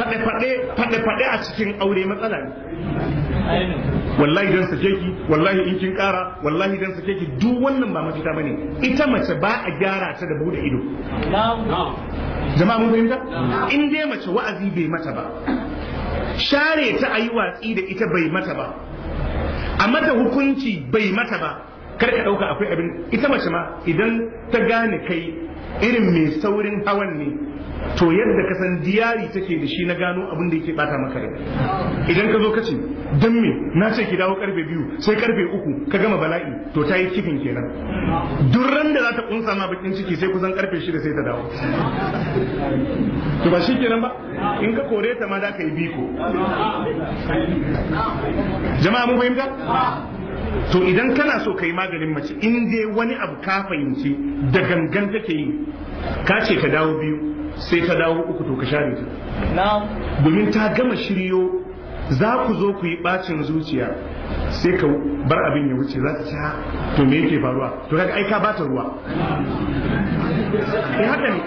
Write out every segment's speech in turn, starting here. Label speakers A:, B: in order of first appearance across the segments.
A: faɗe-faɗe a cikin aure matsala ne wallahi don sake ki wallahi in kin kara wallahi don sake ki duk wannan ba mafita bane ita mace ba a gyara ta da bude ido jama'a mun fahimta in dai mace wa'azi bai mata ba share ta ayi watsi da ita bai mata ba a mata hukunci bai mata ba kar ka dauka akwai abin ita mace ma idan ta gane kai irin mai saurin hawan ne to yadda ka san diyari take da shi na gano abin da yake bata maka rai idan ka zo ka ce dan me na ce ki dawo karfe biyu sai karfe uku ka gama bala'i to ta yi kifin kenan duk ran da za ta kunsa ma bakin ciki sai kusan karfe shida sai ta dawo to ba shi kenan ba in ka kore ta ma da ka yi biko jama'a mu fahimta to idan kana so ka yi maganin mace in dai wani abu ka fahimci da gangan take yi ka ce ka dawo biyu sai ta dawo uku to ka share ta domin ta gama shiryo za ku zo ku yi bacin zuciya sai ka bar abin ya wuce za ta ci to me yake faruwa to kaga ai ka bata ruwa ya eh, haka ne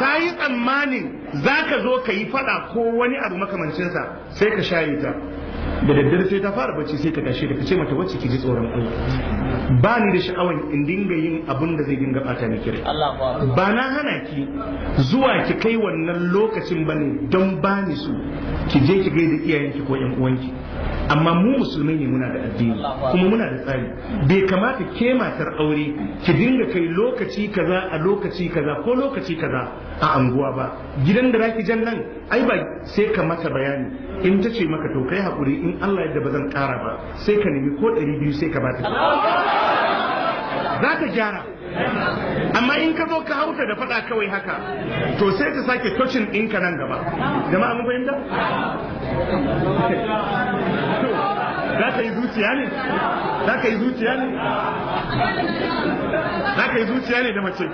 A: ta yi tsammanin za ka zo ka yi fada ko wani abu makamancinsa sai ka share ta da daddare sai ta fara bacci sai ka tashi da ta ce mata wacce ki ji tsoron Allah ba ni da sha'awan in dinga yin abin da zai dinga bata ni kire ba na hana ki zuwa ki kai wannan lokacin bane don ba ni su ki je ki gaida iyayenki ko yan uwanki amma mu musulmai ne muna da addini kuma muna da tsari bai kamata ke matar aure ki dinga kai lokaci kaza a lokaci kaza ko lokaci kaza a anguwa ba gidan da zaki jan nan ai ba sai ka mata bayani in ta ce maka to kai hakuri in in Allah yadda ba zan ƙara ba sai ka nemi ko ɗari biyu sai ka ba ta za ka gyara amma in ka zo ka hauta da faɗa kawai haka to sai ta sake tocin ɗinka nan gaba jama'a mu fahimta za ka yi zuciya ne za ka yi zuciya ne za ka yi zuciya ne da mace